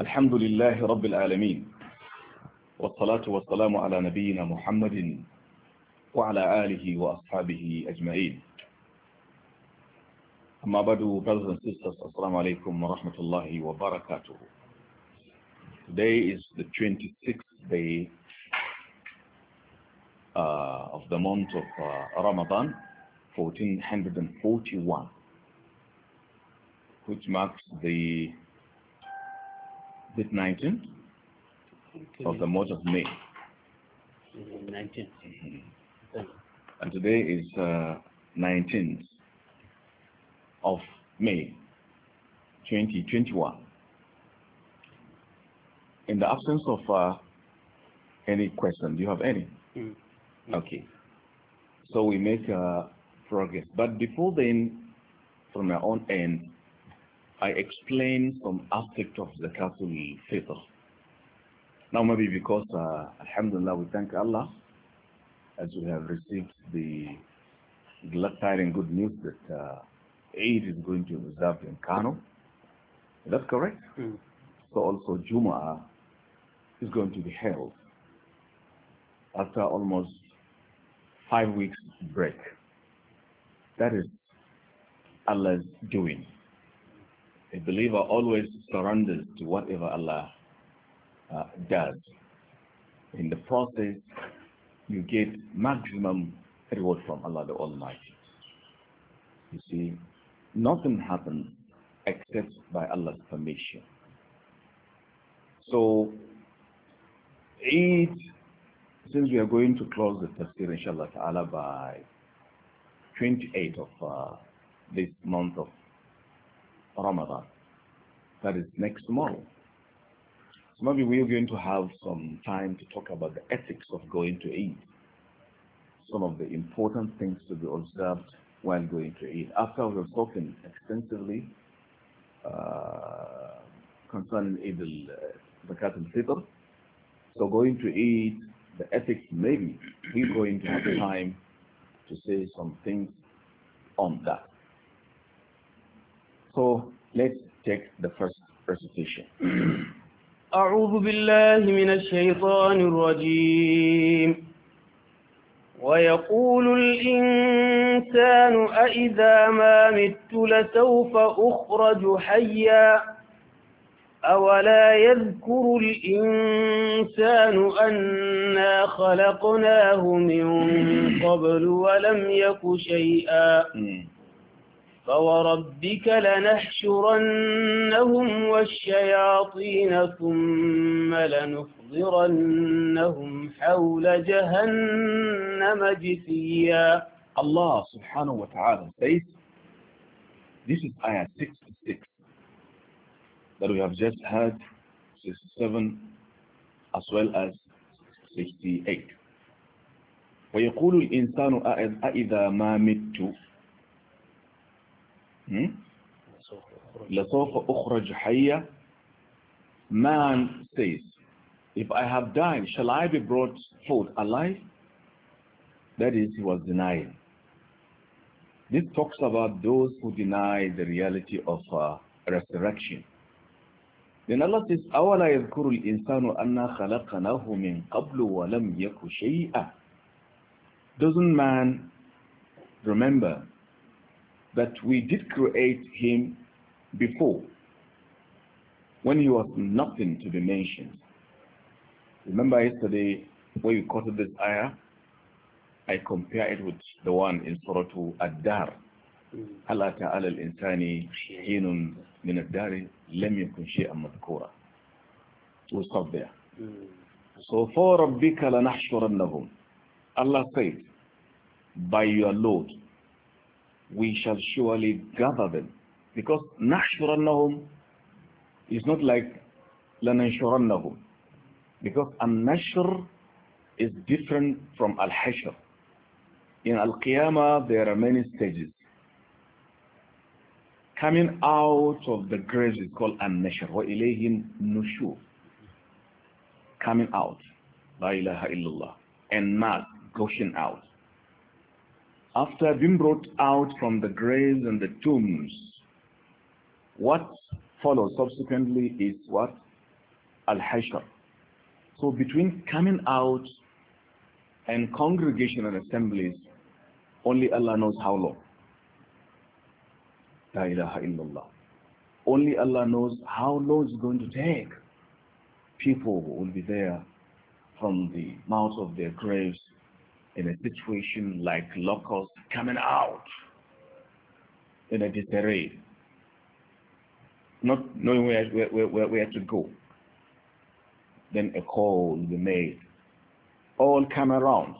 الحمد لله رب العالمين والصلاة والسلام على نبينا محمد وعلى آله وأصحابه أجمعين أما بعد brothers and sisters السلام عليكم ورحمة الله وبركاته Today is the 26th day uh, of the month of uh, Ramadan 1441 which marks the 19th of the month of May. 19th. Mm-hmm, mm-hmm. And today is uh, 19th of May 2021. In the absence of uh, any question, do you have any? Mm Okay. So we make uh, progress. But before then, from our own end, I explain some aspect of the Zakatul Fitr. Now maybe because, uh, Alhamdulillah, we thank Allah as we have received the glad and good news that uh, Eid is going to be observed in Kano. Is that correct? Mm. So also Jumu'ah is going to be held after almost five weeks break. That is Allah's doing a believer always surrenders to whatever Allah uh, does. In the process, you get maximum reward from Allah the Almighty. You see, nothing happens except by Allah's permission. So, Eid, since we are going to close the tafsir, inshallah ta'ala, by 28th of uh, this month of Ramadan. That is next tomorrow. So maybe we're going to have some time to talk about the ethics of going to Eid. Some of the important things to be observed while going to Eid. After we've spoken extensively uh, concerning Eid al-Zakat uh, al-Fitr, so going to Eid, the ethics, maybe we're going to have time to say some things on that. So Let's take the first recitation. أعوذ بالله من الشيطان الرجيم ويقول الإنسان أئذا ما مت لسوف أخرج حيا أولا يذكر الإنسان أنا خلقناه من قبل ولم يك شيئا فوربك لنحشرنهم والشياطين ثم لنحضرنهم حول جهنم جثيا الله سبحانه وتعالى says This is ayah 66 that we have just heard 67 as well as 68 ويقول الإنسان أإذا ما مت لَسَوْفَ hmm? أُخْرَجُ حَيَّ Man says, if I have died, shall I be brought forth alive? That is, he was denying. This talks about those who deny the reality of uh, resurrection. Then Allah says, أَوَلَا يَذْكُرُ الْإِنسَانُ أَنَّا خَلَقَنَاهُ مِنْ قَبْلُ وَلَمْ يَكُ شَيْئًا Doesn't man remember that we did create him before when he was nothing to be mentioned. Remember yesterday when we quoted this ayah? I compare it with the one in Surah Ad-Dar. Mm. Allah Ta'ala al-insani hinun min ad-dari lam yakun shay'an madhkura. we stop there. Mm. So for رَبِّكَ لَنَحْشُرَنَّهُمْ Allah said, by your Lord, we shall surely gather them. Because نَحْشُرَنَّهُمْ is not like لَنَنْشُرَنَّهُمْ. Because النشر is different from al-hashr. In al-qiyamah there are many stages. Coming out of the grave is called an-nashr. وَإِلَيْهِمْ Coming out. La ilaha illallah. And mass gushing out after being brought out from the graves and the tombs, what follows subsequently is what? Al-Hashr. So between coming out and congregational assemblies, only Allah knows how long. La ilaha illallah. Only Allah knows how long it's going to take. People will be there from the mouth of their graves in a situation like locals coming out in a disarray, not knowing where, where, where, where to go. Then a call will be made. All come around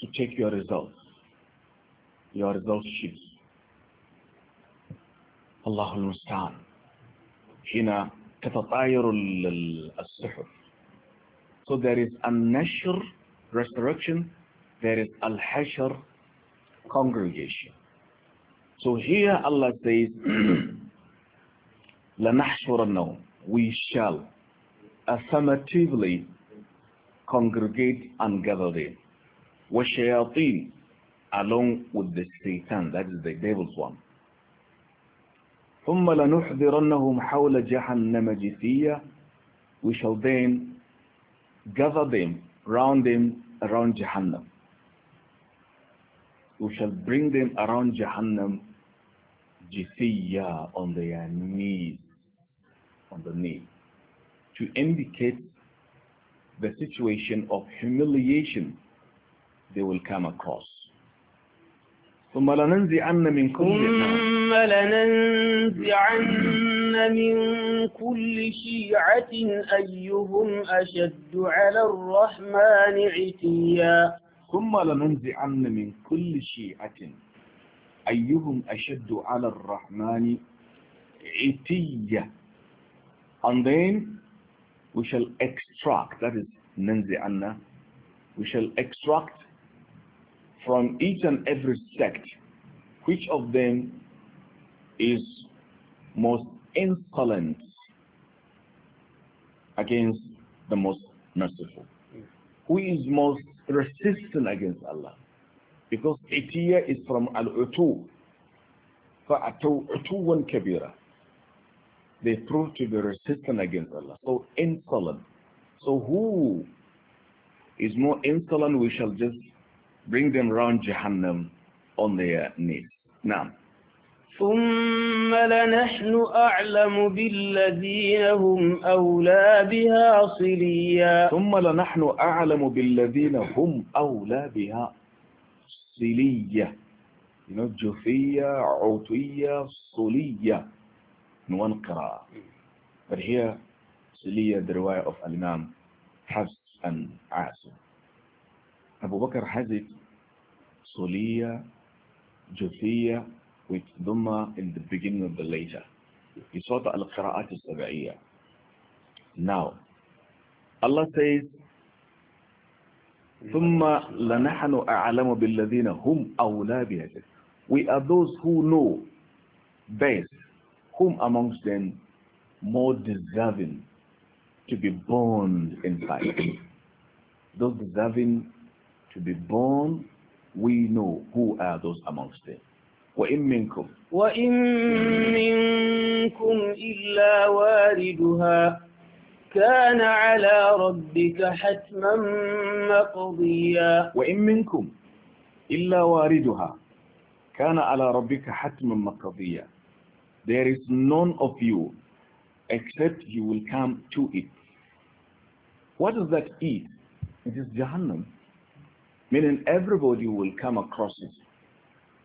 to take your results, your results sheets. الله المستعان هنا تتطاير الصحف so there is a nature resurrection, there is Al-Hashr congregation. So here Allah says, لَنَحْشُرَنَّهُمْ We shall affirmatively congregate and gather them. وَشَيَاطِينَ Along with the Satan, that is the devil's one. ثُمَّ لَنُحْذِرَنَّهُمْ حَوْلَ جَهَنَّمَ جِثِيًّا We shall then gather them round them around Jahannam. We shall bring them around Jahannam, jisiyah on their knees, on the knee, to indicate the situation of humiliation they will come across. ثم لننزعن من كل ثم لننزعن من كل شيعة أيهم أشد على الرحمن عتيا ثم لننزعن من كل شيعة أيهم أشد على الرحمن عتيا and then we shall extract that is ننزعن we shall extract from each and every sect which of them is most insolent against the most merciful. Who is most resistant against Allah? Because itiya is from al-utu. فَأَتَوْ عُتُوًا kabira. They prove to be resistant against Allah. So insolent. So who is more insolent, we shall just bring them round Jahannam on their knees. Now. ثم لنحن أعلم بالذين هم أولى بها صليا ثم لنحن أعلم بالذين هم أولى بها صليا نجفية عطية صلية نوانقرا بل هي صلية درواية أف الإمام حسن عاصم أبو بكر حزب صلية جثية with Dhamma in the beginning of the later, you saw the Al-Qira'at al Now, Allah says, ثُمَّ لَنَحْنُ أَعْلَمُ بِالَّذِينَ هُمْ أَوْلَى بِهَذِهِ We are those who know best whom amongst them more deserving to be born in fire. those deserving to be born, we know who are those amongst them. وإن منكم وإن منكم إلا واردها كان على ربك حتما مقضيا وإن منكم إلا واردها كان على ربك حتما مقضيا There is none of you except you will come to it. What does that eat? It is Jahannam. Meaning everybody will come across it.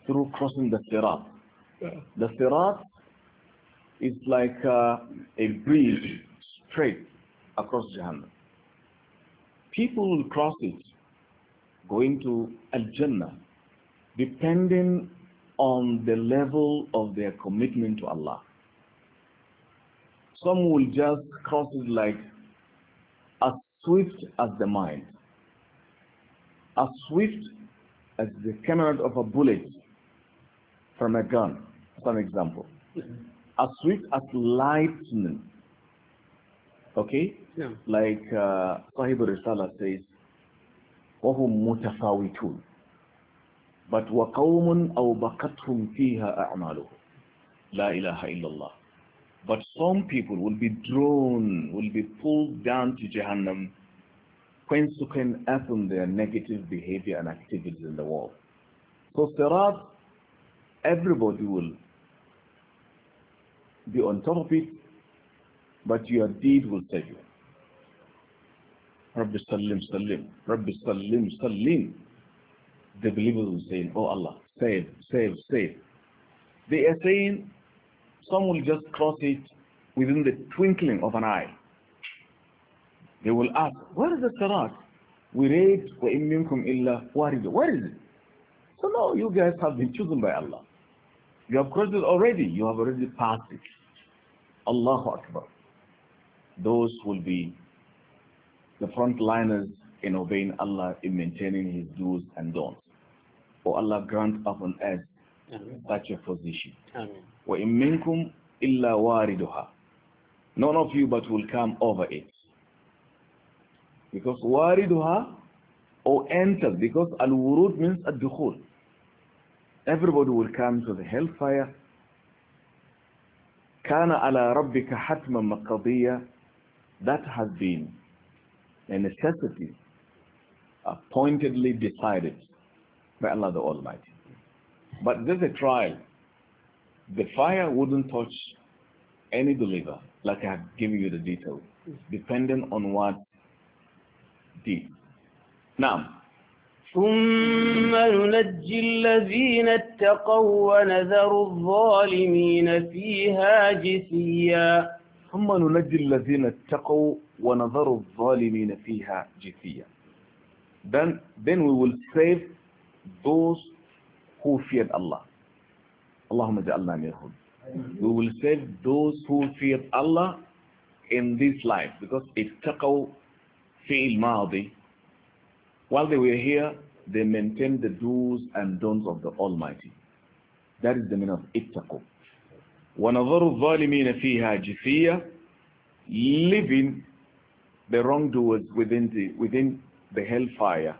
through crossing the sirat. The sirat is like uh, a bridge straight across Jahannam. People will cross it going to Al-Jannah depending on the level of their commitment to Allah. Some will just cross it like as swift as the mind, as swift as the cannon of a bullet from a gun, for example. As swift as lightning. Okay? Yeah. Like uh, Sahib Risala says, وَهُمْ مُتَفَاوِتُونَ But وَقَوْمٌ أَوْ بَقَتْهُمْ فِيهَا أَعْمَالُهُ La ilaha illallah. But some people will be drawn, will be pulled down to Jahannam, can upon their negative behavior and activities in the world. So Sirat everybody will be on top of it, but your deed will save you. Rabbi Salim Salim, Rabbi Salim Salim. The believers are saying, Oh Allah, save, save, save. They are saying some will just cross it within the twinkling of an eye. They will ask, Where is the Sarat? We read, وَإِمْ إِلَّا وَارِدُ Where is it? So no, you guys have been chosen by Allah. You have crossed it already. You have already passed it. Allahu Akbar. Those will be the frontliners in obeying Allah in maintaining His do's and don'ts. For Allah grant upon us such a position. Amen. وَإِن None of you but will come over it. Because wariduha or enter, because al-wurud means ad-dukhul everybody will come to the hellfire كان على ربك حتما مقضية that has been a necessity appointedly decided by Allah the Almighty but there's a trial the fire wouldn't touch any believer like I have given you the details depending on what deed now ثم ننجي الذين اتقوا ونذر الظالمين فيها جثيا ثم ننجي الذين اتقوا ونذر الظالمين فيها جثيا then then we will save those who feared Allah اللهم اجعلنا منهم we will save those who feared Allah in this life because اتقوا فعل ماضي While they were here, they maintained the do's and don'ts of the Almighty. That is the meaning of ittaqu. وَنَظَرُ الظَّالِمِينَ فِيهَا جِثِيَّةً Living the wrongdoers within the, within the hellfire,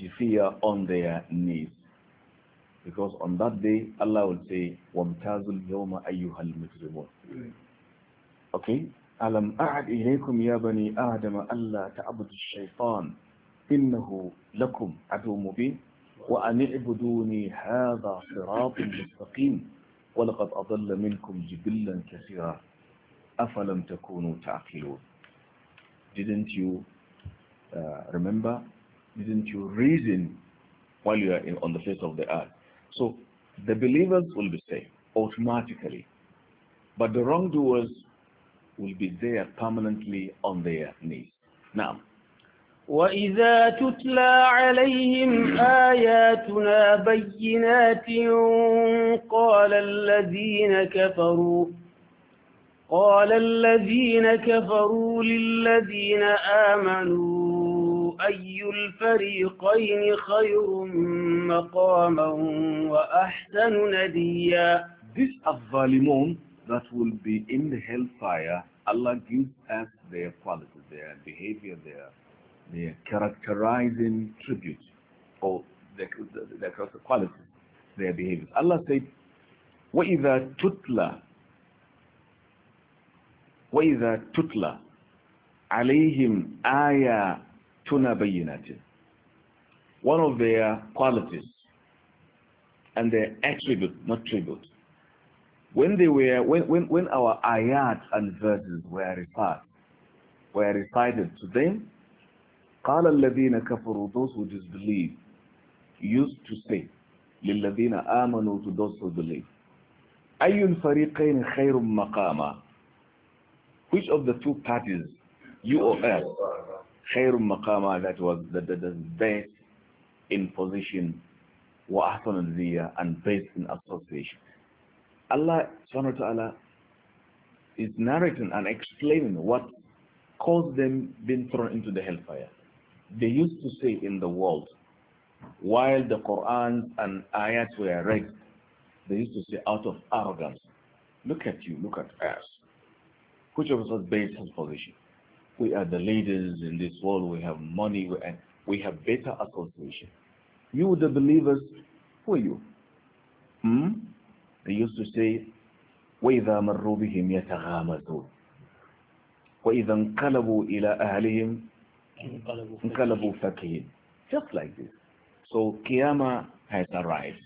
jithiyah, on their knees. Because on that day, Allah will say, وَامْتَازُ الْيَوْمَ أَيُّهَا الْمُجْرِمُونَ Okay? أَلَمْ أَعَدْ إِلَيْكُمْ يَا بَنِي آدَمَ أَلَّا تَعْبُدُ الشَّيْطَانِ إنه لكم عدو مبين وأن اعبدوني هذا صراط مستقيم ولقد أضل منكم جبلا كثيرا أفلم تكونوا تعقلون Didn't you uh, remember? Didn't you reason while you are in, on the face of the earth? So the believers will be saved automatically. But the wrongdoers will be there permanently on their knees. Now, وَإِذَا تُتْلَى عَلَيْهِمْ آيَاتُنَا بَيِّنَاتٍ قَالَ الَّذِينَ كَفَرُوا قَالَ الَّذِينَ كَفَرُوا لِلَّذِينَ آمَنُوا أَيُّ الْفَرِيقَيْنِ خَيْرٌ مَقَامًا وَأَحْسَنُ نَدِيًّا These are ظالمون that will be in the hellfire. Allah gives us their qualities, their behavior, their their characterizing tribute or their, their qualities, their behaviors. Allah said, وَإِذَا تُتْلَى وَإِذَا تُتْلَى عَلَيْهِمْ آيَاتُنَا بَيِّنَاتٍ One of their qualities and their attribute, not tribute, when they were when, when, when our ayat and verses were recited were recited to them قال الذين كفروا those who disbelieve used to say للذين آمنوا to those who believe أي الفريقين خير مقاما which of the two parties you or us خير مقاما that was the, the, the best in position وأحسن الزية and best in association Allah subhanahu wa ta'ala is narrating and explaining what caused them being thrown into the hellfire they used to say in the world, while the Quran and ayat were read, they used to say out of arrogance, look at you, look at us. Which of us has based on position? We are the leaders in this world, we have money, and we have better association. You, the believers, who are you? Hmm? They used to say, وَإِذَا مَرُّوا بِهِمْ يَتَغَامَزُونَ وَإِذَا انْقَلَبُوا إِلَىٰ أَهْلِهِمْ انقلبوا Fakih. Just like this. So Qiyamah has arrived.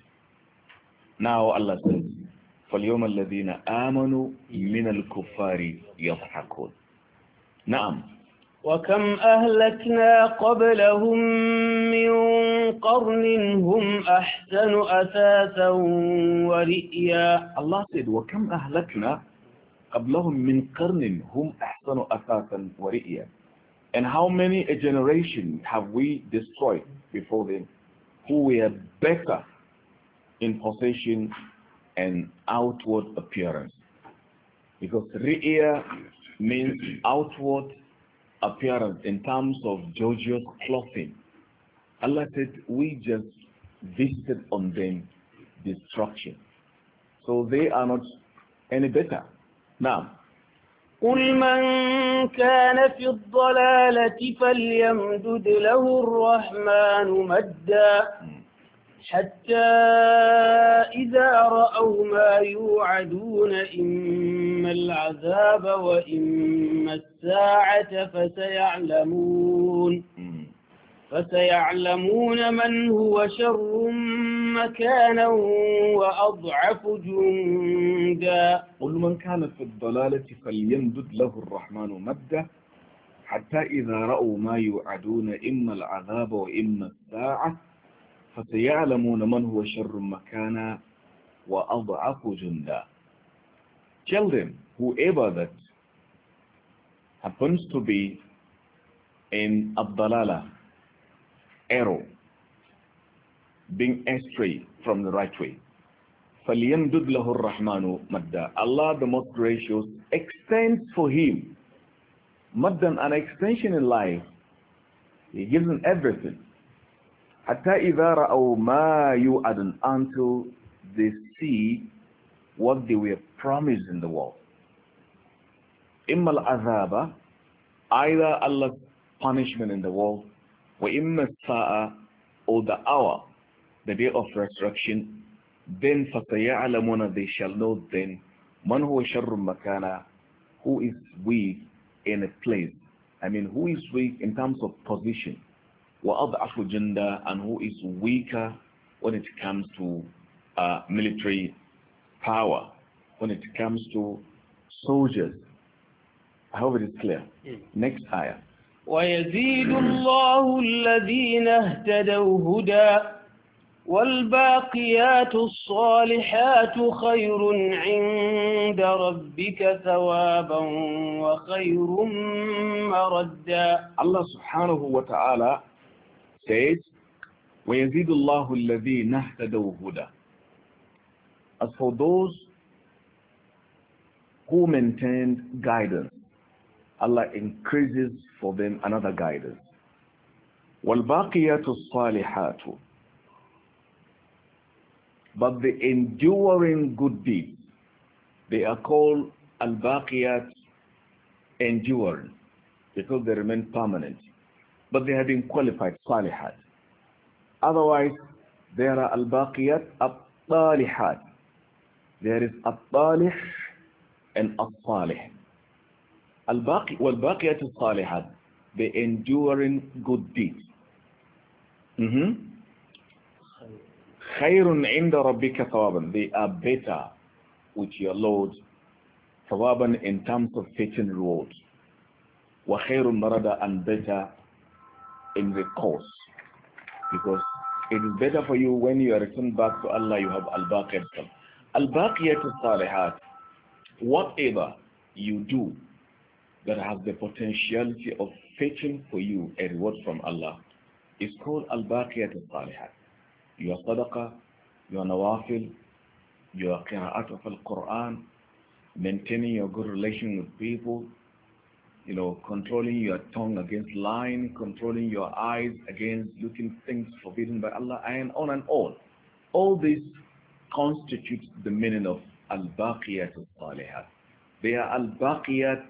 Now Allah says, فَالْيَوْمَ الَّذِينَ آمَنُوا مِنَ الْكُفَّارِ يَضْحَكُونَ نعم وكم أهلكنا قبلهم من قرن هم أحسن أثاثا ورئيا الله said وكم أهلكنا قبلهم من قرن هم أحسن أثاثا ورئيا And how many a generation have we destroyed before them who were better in possession and outward appearance? Because Ri'ya means outward appearance in terms of Georgios clothing. Allah said, we just visited on them destruction. So they are not any better. Now, قل من كان في الضلالة فليمدد له الرحمن مدا حتى إذا رأوا ما يوعدون إما العذاب وإما الساعة فسيعلمون فسيعلمون من هو شر مكانا وأضعف جندا قل من كان في الضلالة فليمدد له الرحمن مدة حتى إذا رأوا ما يوعدون إما العذاب وإما الساعة فسيعلمون من هو شر مكانا وأضعف جندا Tell them, whoever that happens to be in Abdalala, arrow being astray from the right way. فَلْيَمْدُدْ لَهُ الرَّحْمَنُ Allah the most gracious extends for him maddan an extension in life. He gives him everything. حَتَّى إِذَا رَأَوْا يُؤَدُنْ Until they see what they were promised in the world. إِمَّا الْعَذَابَ Either Allah's punishment in the world وَإِمَّا السَّاءَ or the hour, the day of resurrection, then فَسَيَعْلَمُونَ they shall know then مَنْ هُوَ شَرٌ مَكَانًا who is weak in a place. I mean, who is weak in terms of position. وَأَضْعَفُ جُنْدًا and who is weaker when it comes to uh, military power, when it comes to soldiers. I hope it is clear. Mm. Next ayah. ويزيد الله الذين اهتدوا هدى والباقيات الصالحات خير عند ربك ثوابا وخير مردا الله سبحانه وتعالى says ويزيد الله الذين اهتدوا هدى As for those who maintained guidance Allah increases for them another guidance. وَالْبَاقِيَاتُ الصَّالِحَاتُ But the enduring good deeds, they are called al-baqiyat, enduring, because they remain permanent. But they have been qualified, salihat. Otherwise, there are al-baqiyat, al-talihat. There is al-talih and al-talih. والباقيات الصالحات the enduring good deeds mm -hmm. خير عند ربك ثوابا they are better with your Lord ثوابا in terms of fitting rewards وخير مردا and better in the cause course it is better for you when you are returned back to Allah you have al-baqiyat al-baqiyat al-salihat whatever you do that has the potentiality of fetching for you a reward from Allah is called al-baqiyat al-salihat. Your sadaqah, your nawafil, your qira'at of al-Quran, maintaining your good relation with people, you know, controlling your tongue against lying, controlling your eyes against looking things forbidden by Allah, and on and on. All this constitutes the meaning of al-baqiyat al-salihat. They are al-baqiyat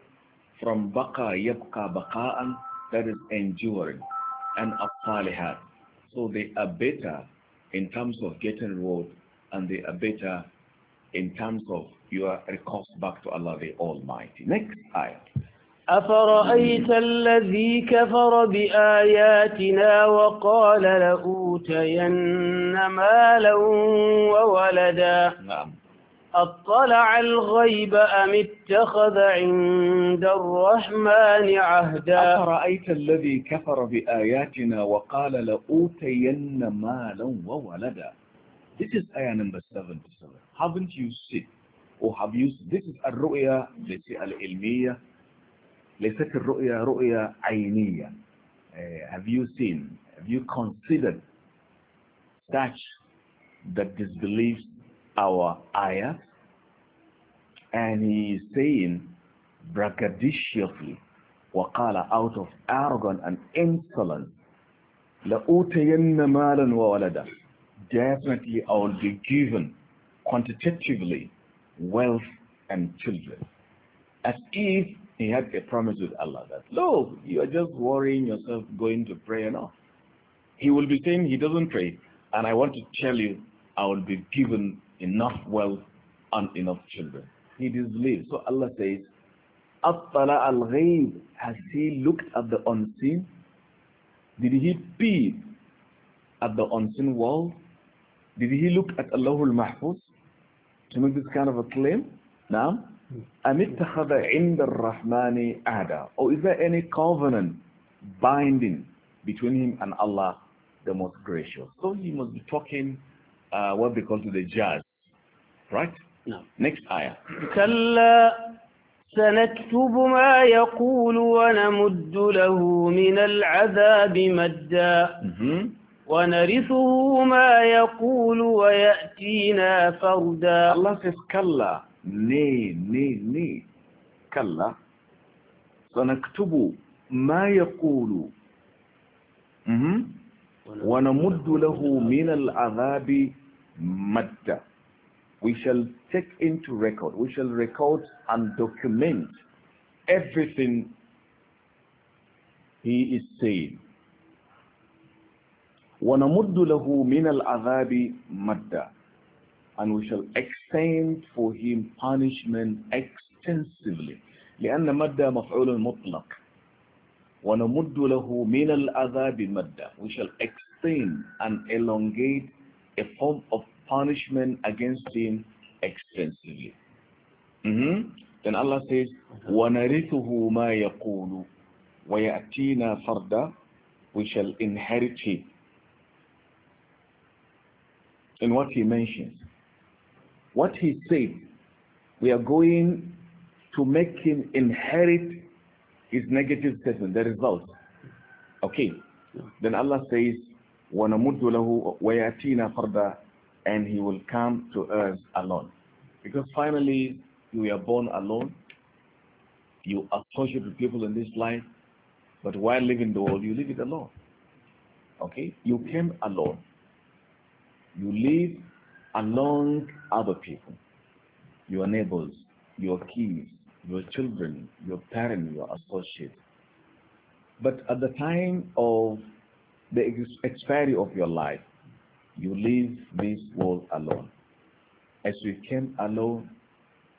from baka yabka bakaan that is enduring and as so they are better in terms of getting reward and they are better in terms of your recourse back to Allah the Almighty next ayat. أفرأيت الذي كفر بآياتنا وقال لأوتين مالا وولدا نعم أطلع الغيب أم اتخذ عند الرحمن عهدا أفرأيت الذي كفر بآياتنا وقال لأوتين مالا وولدا This is ayah آية number 77. Haven't you seen or have you seen? This is الرؤية ليس العلمية ليست الرؤية رؤية عينية. Uh, have you seen? Have you considered that that disbelieves our ayah and he is saying braggadociously "Wakala out of arrogance and insolence لأوتين wa وولدا definitely I will be given quantitatively wealth and children as if he had a promise with Allah that look you are just worrying yourself going to pray enough.' he will be saying he doesn't pray and I want to tell you I will be given enough wealth and enough children. He disbelieved. So Allah says, Attala al ghayb has he looked at the unseen? Did he peep at the unseen world? Did he look at Allahul Mahfuz to make this kind of a claim? Now, أَمِتَّخَذَ عِنْدَ Rahmani' ada. Or is there any covenant binding between him and Allah, the most gracious? So he must be talking uh, what they call to the jazz, right no. نعم. next ayah كلا سنكتب ما يقول ونمد له من العذاب مدا mm-hmm. ونرثه ما يقول ويأتينا فردا الله says كلا nay nay nay كلا سنكتب ما يقول mm-hmm. ونمد له من العذاب مدا we shall take into record, we shall record and document everything he is saying. وَنَمُدُّ لَهُ مِنَ الْعَذَابِ مَدَّ And we shall extend for him punishment extensively. لأن مد مفعول مطلق ونمد له من العذاب مدا we shall extend and elongate a form of punishment against him extensively. Mm -hmm. Then Allah says, وَنَرِثُهُ مَا يَقُولُ وَيَأْتِينَا فَرْدًا We shall inherit him. And what he mentions, what he said, we are going to make him inherit his negative statement, the result. Okay. Then Allah says, وَنَمُدُّ لَهُ وَيَأْتِينَا فَرْدًا and he will come to earth alone. Because finally, you are born alone. You associate with people in this life, but while living the world, you live it alone. Okay? You came alone. You live along other people, your neighbors, your kids, your children, your parents, your associates. But at the time of the expiry of your life, you leave this world alone. As you came alone,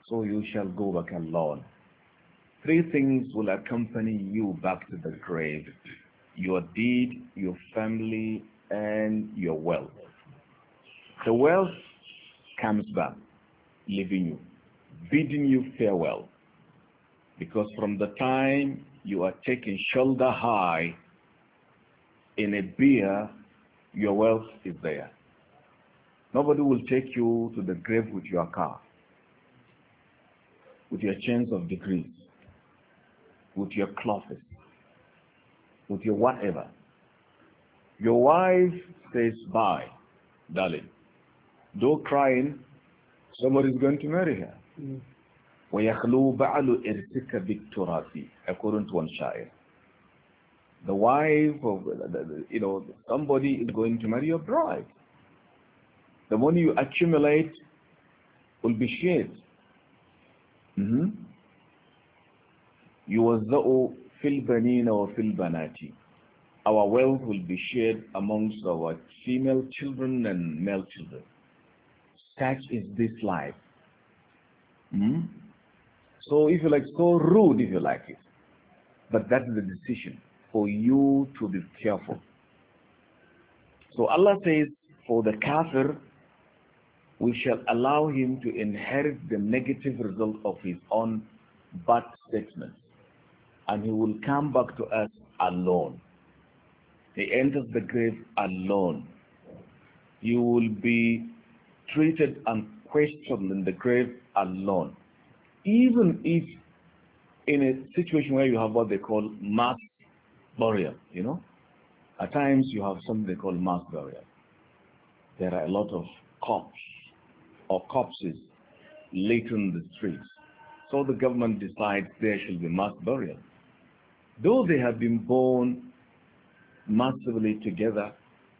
so you shall go back alone. Three things will accompany you back to the grave your deed, your family, and your wealth. The wealth comes back, leaving you, bidding you farewell. Because from the time you are taken shoulder high in a bier your wealth is there. Nobody will take you to the grave with your car, with your chains of degrees, with your clothes, with your whatever. Your wife stays by, darling. Though crying, somebody's going to marry her. Mm. According to one the wife of you know somebody is going to marry your bride the money you accumulate will be shared mm-hmm. our wealth will be shared amongst our female children and male children such is this life mm? so if you like so rude if you like it but that's the decision for you to be careful. So Allah says, for the kafir, we shall allow him to inherit the negative result of his own bad statements. And he will come back to us alone. He enters the grave alone. You will be treated and questioned in the grave alone. Even if in a situation where you have what they call mass burial, you know. At times you have something they call mass burial. There are a lot of cops or corpses littering the streets. So the government decides there should be mass burial. Though they have been born massively together,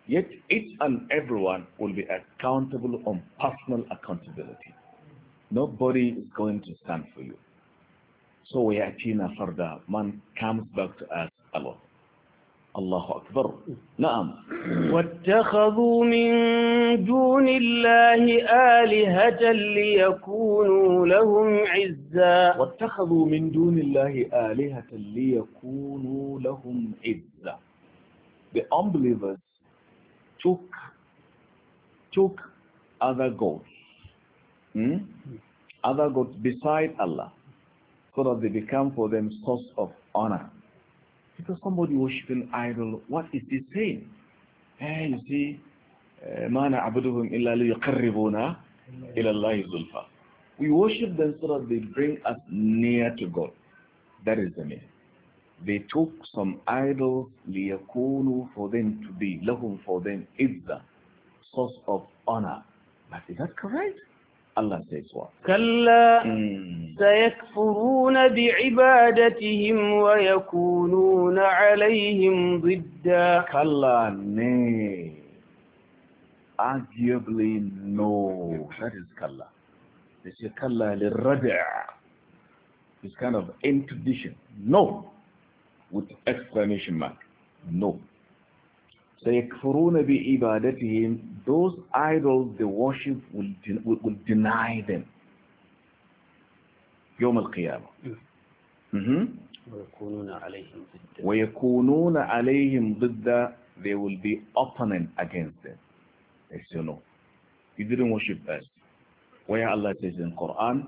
yet each and everyone will be accountable on personal accountability. Nobody is going to stand for you. So we are Tina Farda. Man comes back to us alone. الله أكبر نعم واتخذوا من دون الله آلهة ليكونوا لهم عزا واتخذوا من دون الله آلهة ليكونوا لهم عزا The unbelievers took took other gods hmm? other gods beside Allah so that they become for them source of honor because somebody worshiping idol, what is he saying? Hey, eh, you see, ما نعبدهم إلا ليقربونا إلى الله We worship them so that they bring us near to God. That is the meaning. They took some idols ليكونوا for them to be لهم for them idza source of honor. But is that correct? الله سيسوا كلا سيكفرون بعبادتهم ويكونون عليهم ضدا كلا ني arguably no that is كلا this is كلا للردع this kind of interdiction no with exclamation mark no فَيَكْفُرُونَ بِعِبَادَتِهِمْ Those idols they worship will, will, will deny them. يوم القيامة mm-hmm. ويكونون عليهم ضد ويكونون عليهم ضد They will be opponent against them. They say no. You didn't worship us. ويا الله says in Quran,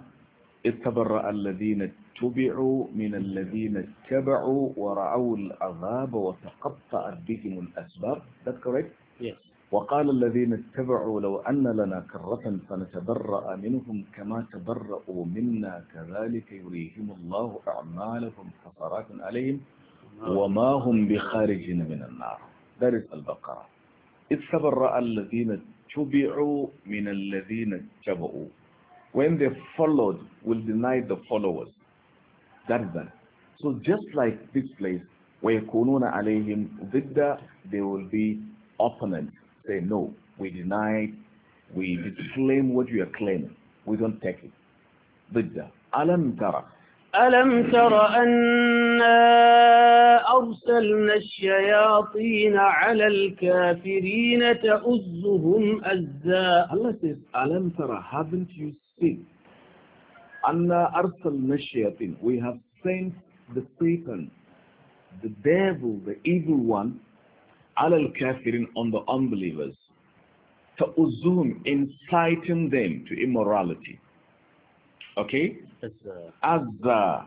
اتبرأ الذين اتبعوا من الذين اتبعوا ورأوا العذاب وتقطعت بهم الأسباب that correct? Yes. وقال الذين اتبعوا لو أن لنا كرة فنتبرأ منهم كما تبرأوا منا كذلك يريهم الله أعمالهم حسرات عليهم وما هم بخارجين من النار that البقرة إذ تبرأ الذين اتبعوا من الذين اتبعوا when they followed will deny the followers That is that. So just like this place, where kununa alayhim ضِدَّ They will be opponents. Say, no, we deny it. We disclaim what you are claiming. We don't take it. ضِدَّ أَلَمْ Alam تر Alam تر أرسلنا الشياطين على الكافرين تؤزهم azza. Allah says, Alam tara. haven't you seen and arsalna shayatin. We have sent the Satan, the devil, the evil one, al kafirin on the unbelievers. Ta'uzuhum, inciting them to immorality. Okay? As uh,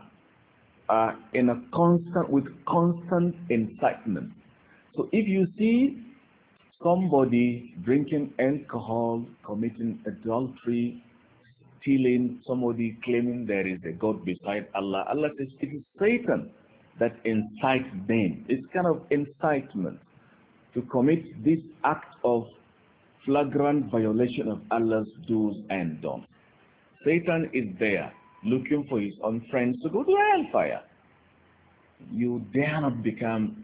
uh, in a constant, with constant incitement. So if you see somebody drinking alcohol, committing adultery, stealing, somebody claiming there is a God beside Allah. Allah says it is Satan that incites them. It's kind of incitement to commit this act of flagrant violation of Allah's do's and don'ts. Satan is there looking for his own friends to go to hellfire. You dare not become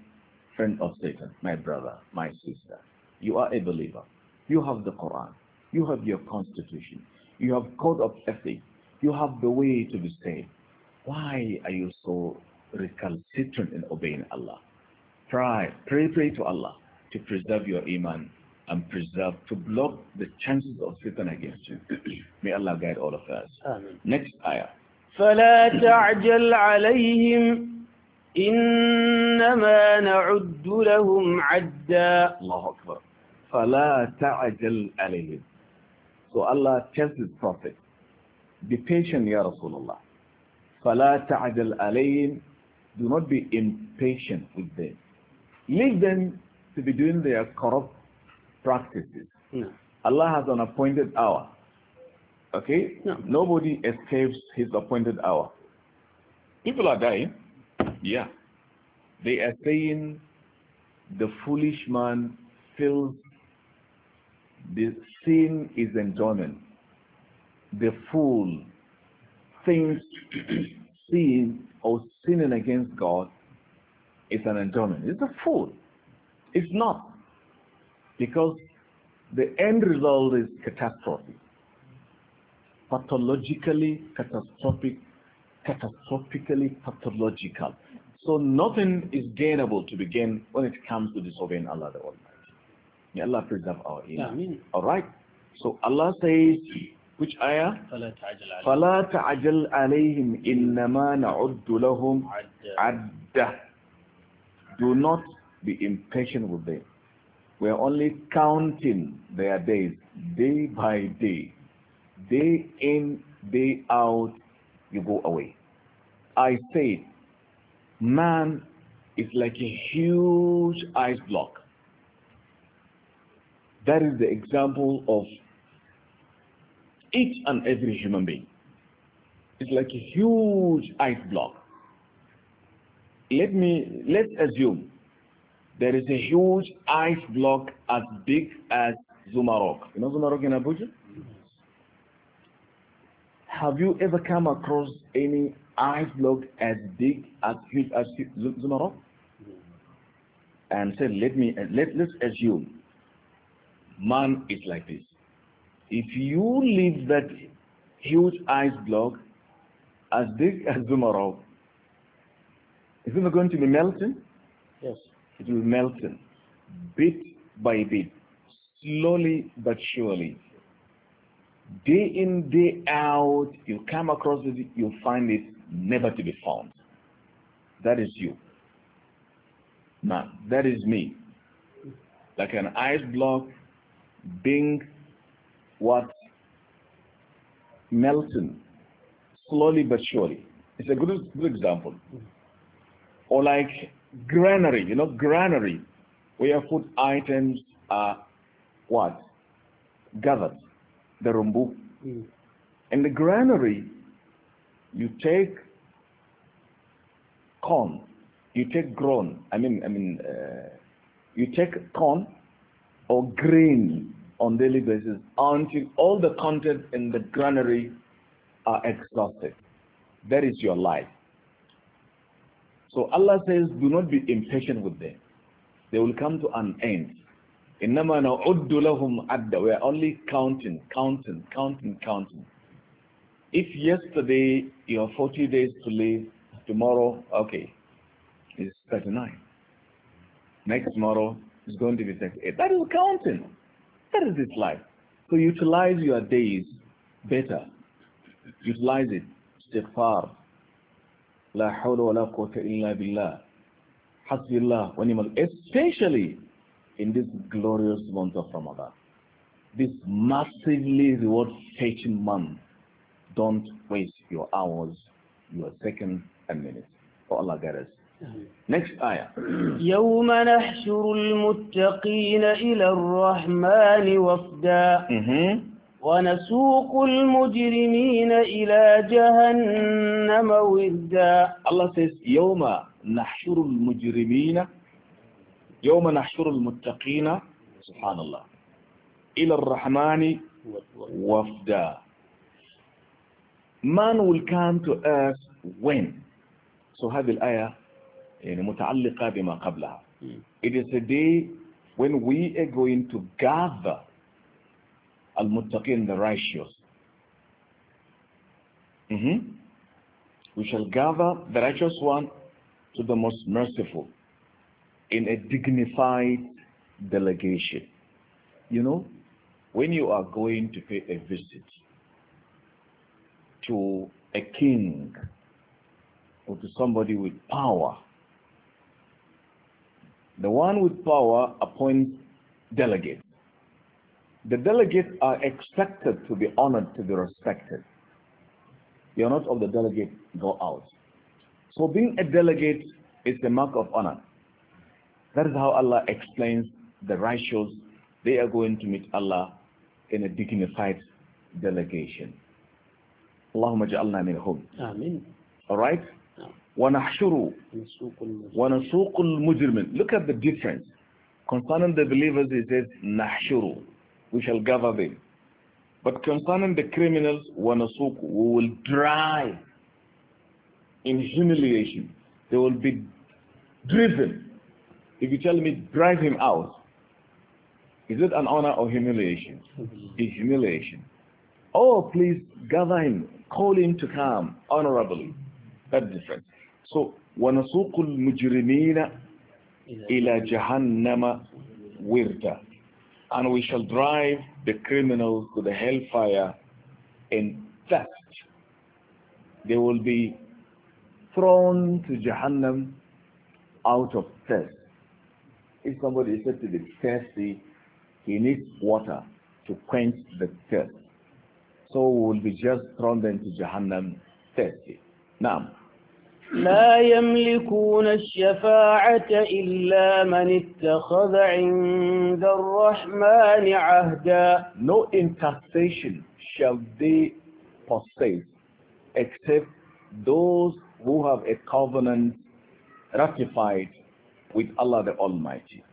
friend of Satan, my brother, my sister. You are a believer. You have the Quran. You have your constitution. You have code of ethics. You have the way to be saved. Why are you so recalcitrant in obeying Allah? Try, pray, pray to Allah to preserve your iman and preserve, to block the chances of Satan against you. May Allah guide all of us. Amen. Next ayah. فلا تعجل عليهم إنما نعد لهم عدا الله أكبر فلا تعجل عليهم so Allah tells the Prophet, be patient, Ya Rasulullah. فَلَا تَعْجَلْ عَلَيْهِمْ Do not be impatient with them. Leave them to be doing their corrupt practices. No. Allah has an appointed hour. Okay? No. Nobody escapes his appointed hour. People are dying. Yeah. They are saying the foolish man fills the sin is enjoyment. The fool thinks sin or sinning against God is an enjoyment. It's a fool. It's not. Because the end result is catastrophic. Pathologically catastrophic, catastrophically pathological. So nothing is gainable to begin when it comes to disobeying Allah the Almighty. May Allah preserve our iman. All right. So Allah says, which ayah? فَلَا تَعْجَلْ عَلَيْهِمْ إِنَّمَا نَعُدُّ لَهُمْ Do not be impatient with them. We are only counting their days, day by day. Day in, day out, you go away. I say, man is like a huge ice block that is the example of each and every human being. It's like a huge ice block. Let me let's assume there is a huge ice block as big as Zumarok. You know Zumarok in Abuja? Have you ever come across any ice block as big as huge as Zumarok? And said, let me let let's assume Man is like this. If you leave that huge ice block as big as Zumarov, isn't it going to be melting? Yes. It will melt bit by bit, slowly but surely. Day in, day out, you come across it, you find it never to be found. That is you. Man, that is me. Like an ice block being what melting slowly but surely. It's a good, good example. Or like granary, you know, granary, where food items are what? Gathered, the rumbu. Mm. In the granary, you take corn, you take grown, I mean, I mean, uh, you take corn, or grain on daily basis until all the contents in the granary are exhausted. That is your life. So Allah says, do not be impatient with them. They will come to an end. We are only counting, counting, counting, counting. If yesterday you have 40 days to live, tomorrow, okay, it's 39. Next tomorrow, is going to be 28. That is counting. That is its life. So utilize your days better. Utilize it. Istighfar. La hawla wa la quwwata illa billah. Hasbillah wa ni'mal. Especially in this glorious month of Ramadan. This massively reward-fetching month. Don't waste your hours, your seconds and minutes. For oh, Allah guide us. Next ayah. يوم نحشر المتقين إلى الرحمن وفدا mm-hmm. ونسوق المجرمين إلى جهنم وردا الله says يوم نحشر المجرمين يوم نحشر المتقين سبحان الله إلى الرحمن وفدا Man will come to earth when? So هذه الآية متعلقة بما قبلها It is a day when we are going to gather al the righteous. Mm -hmm. We shall gather the righteous one to the most merciful in a dignified delegation. You know, when you are going to pay a visit to a king or to somebody with power, the one with power appoints delegates. The delegates are expected to be honored, to be respected. You're not of the delegate, go out. So being a delegate is the mark of honor. That is how Allah explains the righteous. They are going to meet Allah in a dignified delegation. Allahumma ja'alna minhum. Amen. All right? ونحشر ونسوق المجرمين Look at the difference. Concerning the believers, it says نحشر. We shall gather them. But concerning the criminals, ونسوق, we will drive in humiliation. They will be driven. If you tell me, drive him out, is it an honor or humiliation? It's humiliation. Oh, please gather him, call him to come honorably. That difference. So, وَنَسُوقُ الْمُجْرِمِينَ إِلَى جَهَنَّمَ وِرْدًا And we shall drive the criminals to the hellfire in dust. They will be thrown to Jahannam out of thirst. If somebody is said to be thirsty, he needs water to quench the thirst. So we will be just thrown into Jahannam thirsty. Now, لا يملكون الشفاعة إلا من اتخذ عند الرحمن عهدا No intercession shall they possess except those who have a covenant ratified with Allah the Almighty.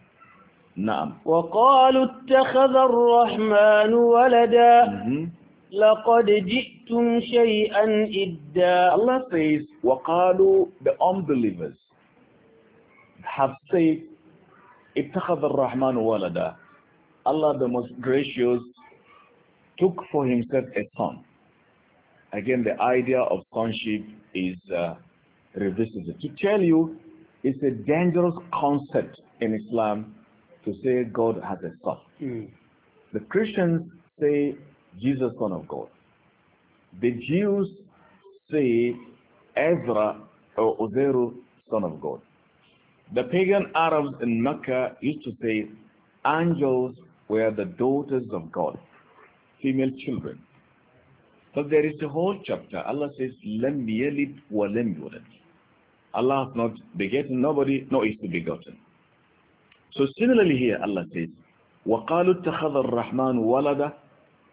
نعم. وقالوا اتخذ الرحمن ولدا. Mm -hmm. لَقَدْ جِئْتُمْ شَيْئًا إِدَّا Allah says, وَقَالُوا The unbelievers have said, اتَّخَذَ الرَّحْمَنُ وَلَدًا Allah the most gracious took for himself a son. Again, the idea of sonship is uh, revisited. To tell you, it's a dangerous concept in Islam to say God has a son. Mm. The Christians say Jesus, Son of God. The Jews say Ezra or Uzeru, Son of God. The pagan Arabs in Mecca used to say angels were the daughters of God, female children. But there is a whole chapter. Allah says, Lam yalid wa lam yulad. Allah has not begotten nobody, nor is to begotten. So similarly here, Allah says, وَقَالُوا اتَّخَذَ الرَّحْمَنُ وَلَدًا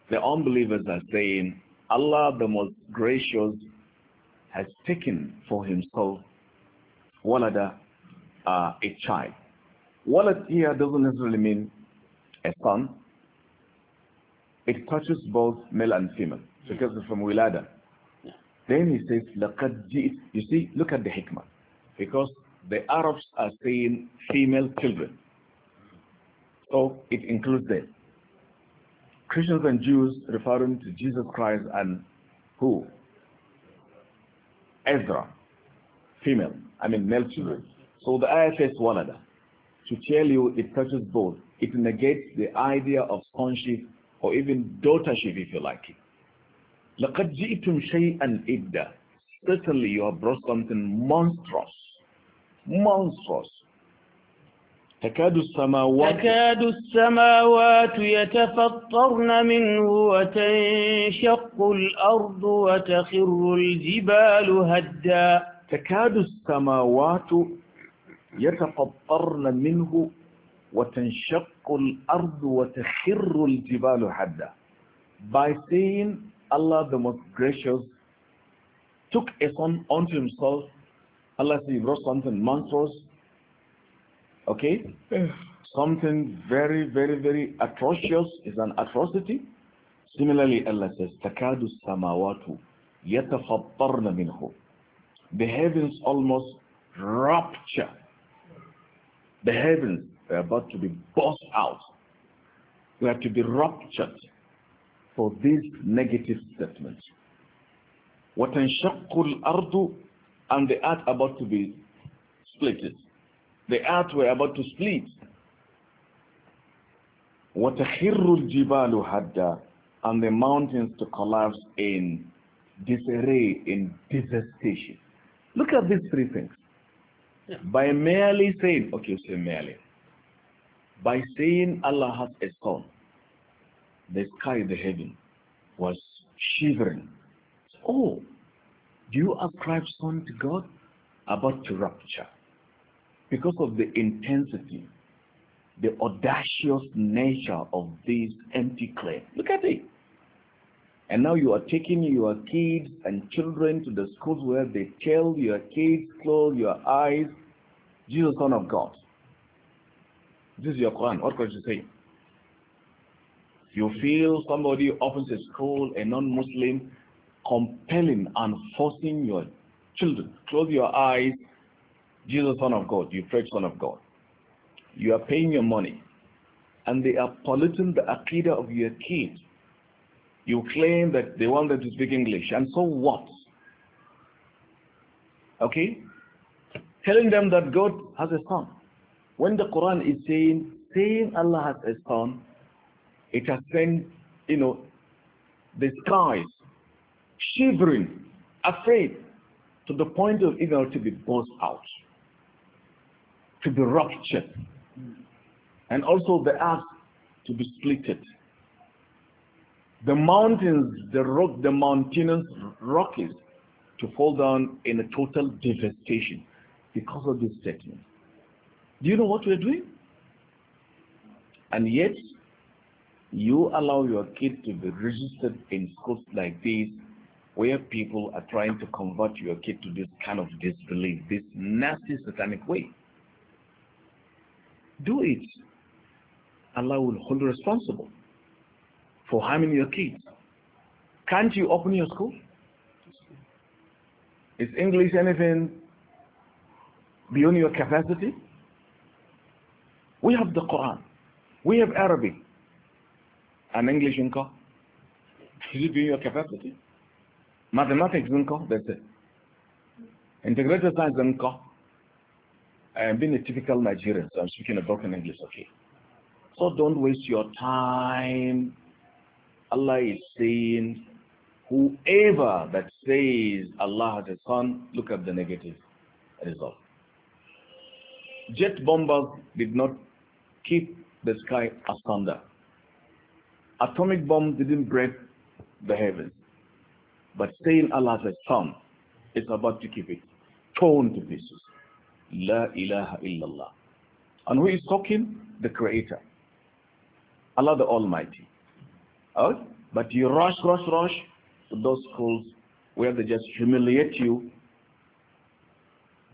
the unbelievers are saying, Allah the most gracious has taken for himself walada, uh, a child. Walad here doesn't necessarily mean a son. It touches both male and female because it's from wilada. Yeah. Then he says, You see, look at the hikmah. Because the Arabs are saying female children. So it includes them. Christians and Jews referring to Jesus Christ and who? Ezra, female, I mean male children. So the IFS wanted one To tell you it touches both. It negates the idea of sonship or even daughtership if you like it. لَقَدْ جِئْتُمْ شَيْئًا إِدَّا Certainly you have brought something monstrous. Monstrous. تكاد السماوات تكاد السماوات يتفطرن منه وتنشق الأرض وتخر الجبال هدا تكاد السماوات يتفطرن منه وتنشق الأرض وتخر الجبال هدا By saying Allah the most gracious took a son unto himself Allah said he brought something monstrous Okay? Something very, very, very atrocious is an atrocity. Similarly, Allah says, تَكَادُ السَّمَاوَاتُ يَتَفَطَّرْنَ minhu." The heavens almost rupture. The heavens are about to be burst out. They are to be ruptured for these negative statements. وَتَنْشَقُّ ardu And the earth about to be split the earth were about to split. وَتَخِرُّ الْجِبَالُ hadda, And the mountains to collapse in disarray, in devastation. Look at these three things. Yeah. By merely saying, okay, say merely. By saying Allah has a son, the sky, the heaven, was shivering. Oh, do you ascribe son to God? About to rupture because of the intensity, the audacious nature of this empty claim. Look at it. And now you are taking your kids and children to the schools where they tell your kids, close your eyes, Jesus, Son of God. This is your Quran. What could you say? You feel somebody opens a school, a non-Muslim, compelling and forcing your children, close your eyes, Jesus, Son of God, you fresh Son of God. You are paying your money, and they are polluting the akida of your kids. You claim that they want them to speak English, and so what? Okay? Telling them that God has a son. When the Quran is saying, saying Allah has a son, it has sent, you know, the skies shivering, afraid, to the point of even to be burst out to be ruptured and also the earth to be splitted. The mountains, the rock, the mountainous rockies to fall down in a total devastation because of this statement. Do you know what we're doing? And yet, you allow your kid to be registered in schools like this where people are trying to convert your kid to this kind of disbelief, this nasty satanic way do it. Allah will hold you responsible for harming your kids. Can't you open your school? Is English anything beyond your capacity? We have the Quran. We have Arabic. And English inco. Is it beyond your capacity? Mathematics inco. That's it. Integrated science inco. I am being a typical Nigerian, so I'm speaking a broken English, okay? So don't waste your time. Allah is saying, whoever that says Allah has a son, look at the negative result. Jet bombers did not keep the sky asunder. Atomic bombs didn't break the heavens. But saying Allah has a son, is about to keep it torn to pieces. La ilaha illallah. And who is talking? The Creator. Allah the Almighty. Right? Oh, but you rush, rush, rush to those schools where they just humiliate you.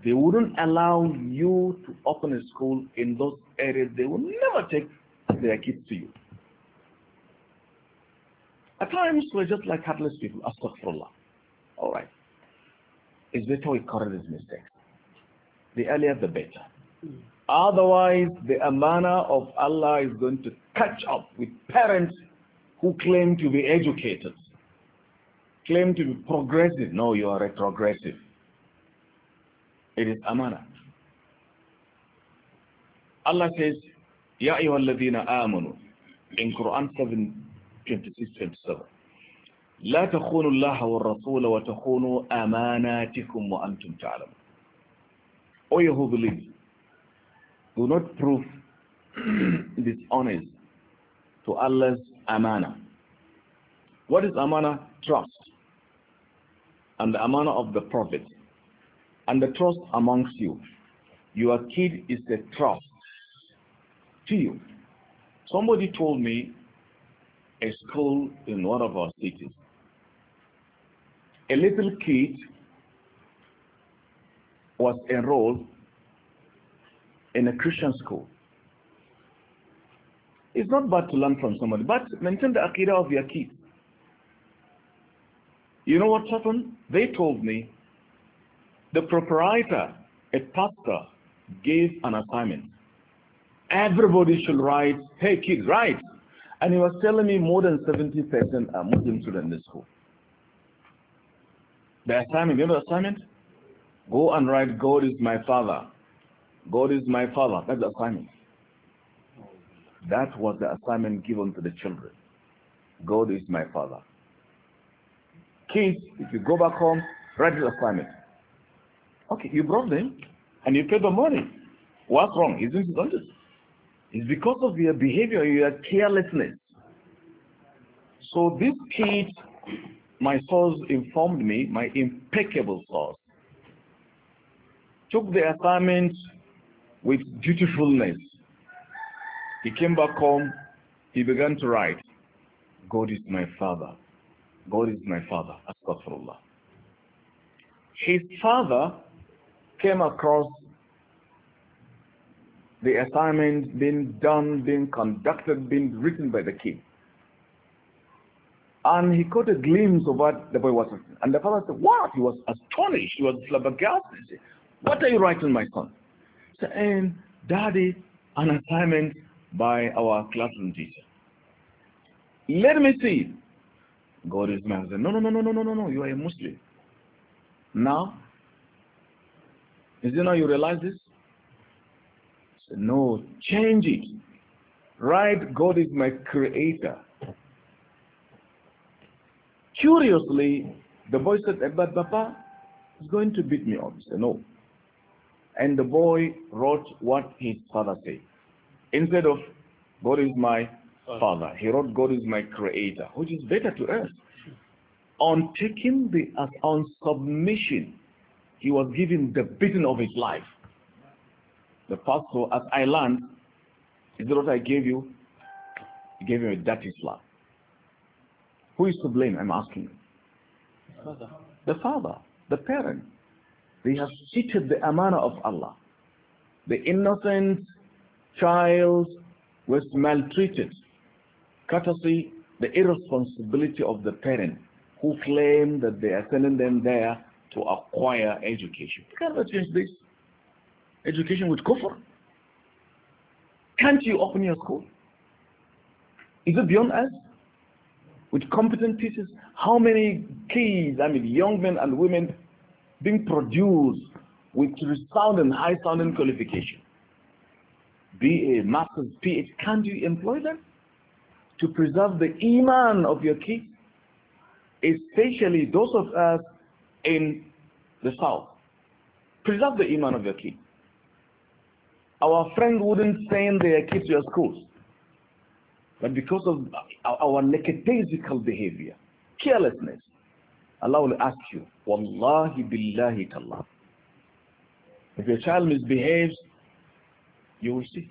They wouldn't allow you to open a school in those areas. They will never take their kids to you. At times, we're just like heartless people. Astaghfirullah. All right. It's better we correct these mistakes the earlier the better. Hmm. Otherwise, the amana of Allah is going to catch up with parents who claim to be educated, claim to be progressive. No, you are retrogressive. It is amana. Allah says, Ya ayyuhalladhina amanu, in Quran 7, 26, 27. لا تخونوا الله والرسول وتخونوا أماناتكم وأنتم تعلمون or you who believe do not prove dishonest to Allah's amana. What is amana? Trust. And the amana of the Prophet. And the trust amongst you. Your kid is the trust to you. Somebody told me a school in one of our cities. A little kid was enrolled in a Christian school. It's not bad to learn from somebody, but maintain the akira of your kids. You know what happened? They told me the proprietor, a pastor, gave an assignment. Everybody should write, hey kids, write. And he was telling me more than 70% are Muslim students in this school. The assignment, you know the assignment? Go and write, God is my father. God is my father. That's the assignment. That was the assignment given to the children. God is my father. Kids, if you go back home, write the assignment. Okay, you brought them and you paid the money. What's wrong? Isn't it understood? It's because of your behavior, your carelessness. So this kid, my source informed me, my impeccable source, took the assignment with dutifulness. He came back home, he began to write, God is my father. God is my father. Astaghfirullah. His father came across the assignment being done, being conducted, being written by the king. And he caught a glimpse of what the boy was writing. And the father said, what? He was astonished. He was flabbergasted. What are you writing, my son? Saying, um, daddy, an assignment by our classroom teacher. Let me see. God is my Said, no, no, no, no, no, no, no, no. You are a Muslim. Now, is it now you realize this? Say no, change it. Right, God is my creator. Curiously, the boy said, eh, but Papa is going to beat me up. He said, no, and the boy wrote what his father said. Instead of God is my father, he wrote God is my creator, which is better to us. On taking the, on submission, he was given the beating of his life. The pastor, as I learned, is what I gave you? He gave him a dirty slap. Who is to blame? I'm asking. The father. The father, the parent. They have cheated the amana of Allah. The innocent child was maltreated, courtesy the irresponsibility of the parent who claim that they are sending them there to acquire education. You cannot change this. Education with kufr. Can't you open your school? Is it beyond us? With competent teachers, how many kids, I mean young men and women being produced with resounding, high-sounding qualification. Be a master's, PhD, can you employ them to preserve the iman of your kids? Especially those of us in the south. Preserve the iman of your kids. Our friends wouldn't send their kids to your schools. But because of our lackadaisical behavior, carelessness, Allah will ask you, Wallahi billahi tallah. If your child misbehaves, you will see.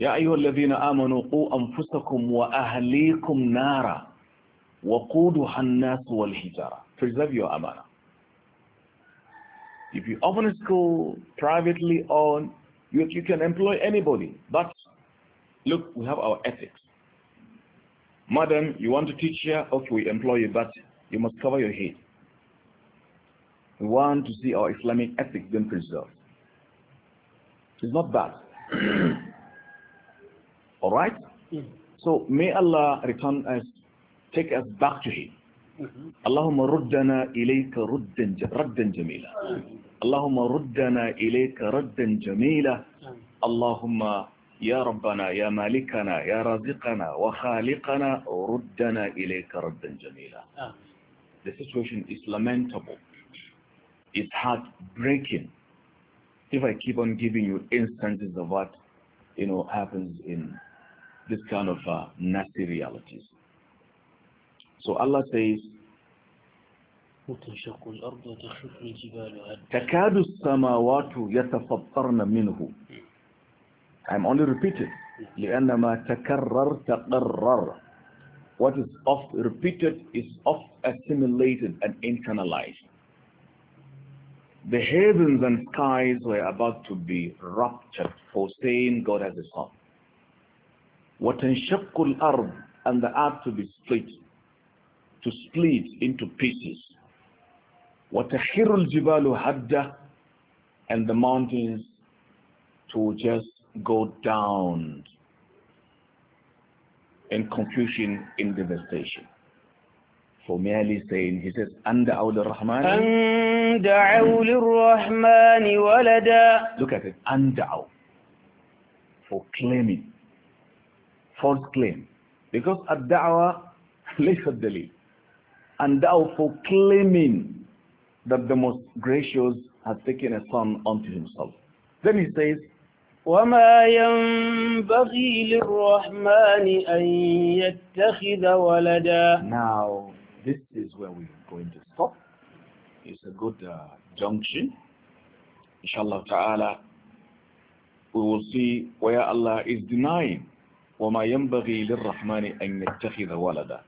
يا أيها الذين آمنوا قوا أنفسكم وأهليكم نارا وقودها الناس والحجارة Preserve your amana. If you open a school privately owned, you, you can employ anybody. But look, we have our ethics. Madam, you want to teach here? Okay, we employ you, but you must cover your head. We want to see our Islamic ethic, being preserved. It's not bad. All right? Hmm. So may Allah return us, take us back to Him. Mm -hmm. Allahumma ruddana ilayka ruddan, raddan jamila. Allahumma ruddana ilayka raddan jamila. Allahumma يا ربنا يا مالكنا يا رازقنا وخالقنا ردنا إليك ردا جميلا آه the situation is lamentable. It's heartbreaking. If I keep on giving you instances of what you know happens in this kind of uh, nasty realities. So Allah says, تكاد السماوات يتفطرن منه I'm only repeating لأن ما تكرر تقرر what is oft repeated is oft assimilated and internalized. The heavens and skies were about to be ruptured for saying God has a son. What وَتَنْشَقُّ الْأَرْضِ And the earth to be split, to split into pieces. وَتَحِرُ Jibalu hadda, And the mountains to just go down and confusion and devastation. For merely saying, he says, and Rahman. Rahman walada. Look at it, and for claiming, false claim. Because at da'wah, ليس الدليل. And thou for claiming that the most gracious has taken a son unto himself. Then he says, وما ينبغي للرحمن أن يتخذ ولدا Now, this is where we're going to stop. It's a good uh, junction. Inshallah ta'ala, we will see where Allah is denying وَمَا يَنْبَغِي لِلرَّحْمَنِ أَنْ يَتَّخِذَ وَلَدًا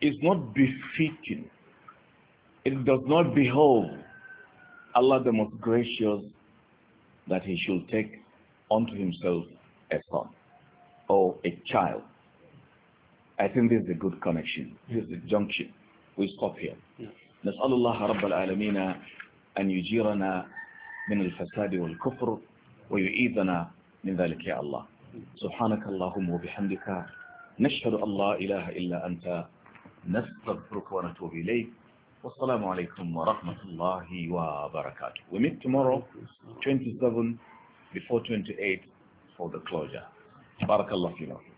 It's not befitting. It does not behold Allah the most gracious that He should take unto himself a son or a child. I think this is a good connection. This is a junction. We stop here. نسأل الله رب العالمين أن يجيرنا من الفساد والكفر ويعيذنا من ذلك يا الله سبحانك اللهم وبحمدك نشهد أن لا إله إلا أنت نستغفرك ونتوب إليك والسلام عليكم ورحمة الله وبركاته We meet tomorrow 27 before 28 for the closure. Barakallah fikum.